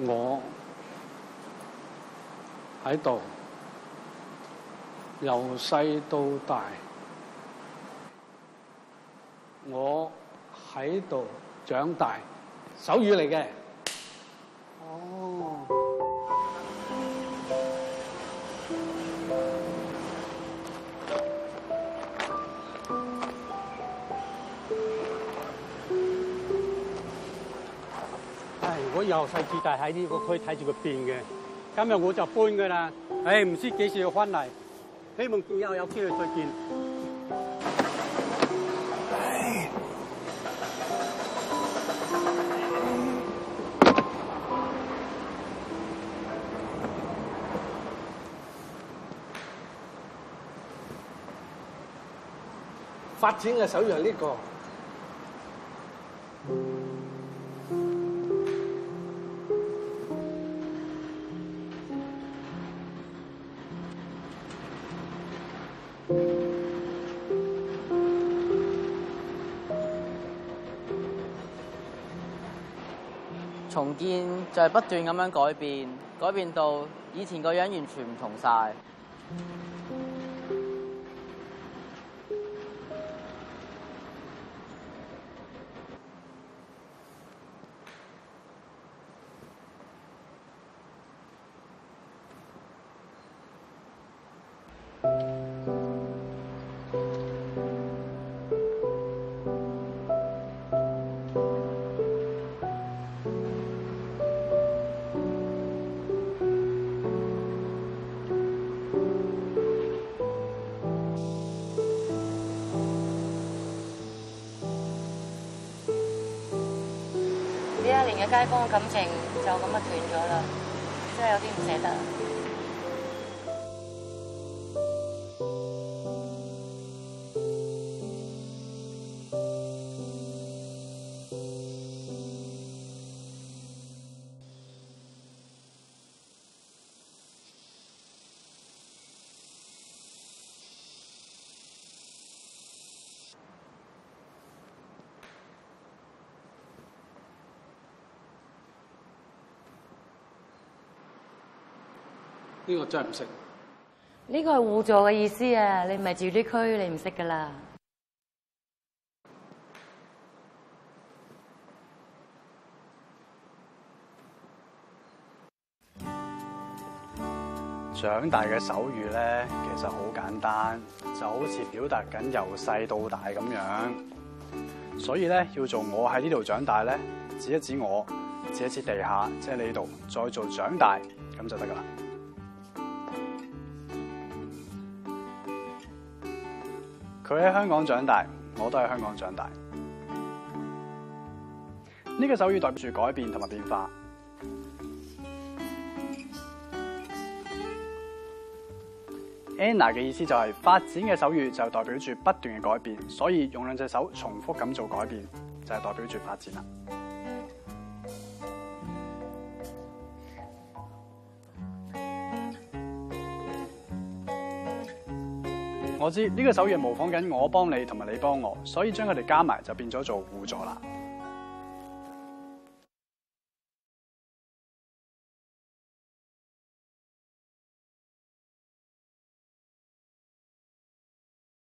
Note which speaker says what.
Speaker 1: 我喺度，由細到大，我喺度長大，手語嚟嘅。我由細至大喺呢個區睇住佢變嘅，今日我就搬㗎啦。唉，唔知幾時要翻嚟，希望以後有機會再見。唉，發展嘅手語係呢個。重建就係不斷咁樣改變，改變到以前個樣完全唔同曬。成嘅街坊感情就咁啊斷咗啦，真係有啲唔捨得。呢個真係唔識。呢個係互助嘅意思啊！你唔係住呢區，你唔識㗎啦。長大嘅手語咧，其實好簡單，就好似表達緊由細到大咁樣。所以咧，要做我喺呢度長大咧，指一指我，指一指地下，即係你度，再做長大咁就得㗎啦。佢喺香港長大，我都喺香港長大。呢個手語代表住改變同埋變化。Anna 嘅意思就係、是、發展嘅手語就代表住不斷嘅改變，所以用兩隻手重複咁做改變，就係代表住發展啦。我知呢個手語模仿緊我幫你同埋你幫我，所以將佢哋加埋就變咗做互助啦。